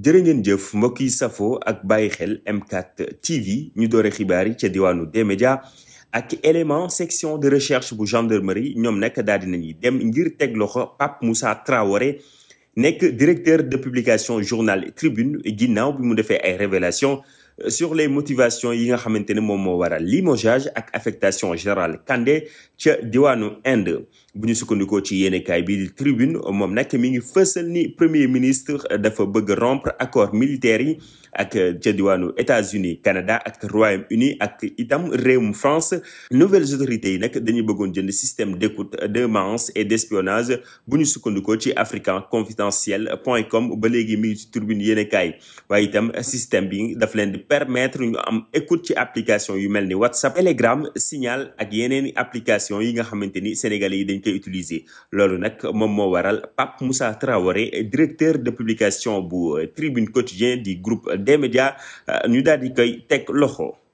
jërë ngeen jëf mbokk safo ak bàyyi xel M4 TV ñu doore xibaar yi ca diwaanu D-Média ak élément section de recherche bu gendarmerie ñoom nag daal dinañuy dem ngir teg loxo Pape Moussa Traoré nekk directeur de publication journal Tribune ginnaaw bi mu defee ay révélation sur les motivations yi nga xamante ne moom moo waral limogeage ak affectation générale Kandé ca diwaanu Inde bu ñu sukkandikoo ci yéenekaay bi di tribune moom nag mi ngi fësal ni premier ministre dafa bëgg rompre accord militaire yi ak ca diwaanu États-Unis Canada ak Royaume-Uni ak itam réew mu France nouvelles autorités yi nag dañu bëggoon jënd système d'écoute de manche et d'espionnage bu ñu sukkandikoo ci africain confidentiel point com ba léegi mi ngi ci waaye itam système bi daf leen permettre ñu am écoute ci application yu mel ni WhatsApp Telegram Signal ak yeneen application yi nga xamante ni sénégalais yi dañ koy utiliser loolu nag moom moo waral Pape Moussa traware directeur de publication bu Tribune Quotidien du groupe des médias euh, ñu daal di koy teg loxo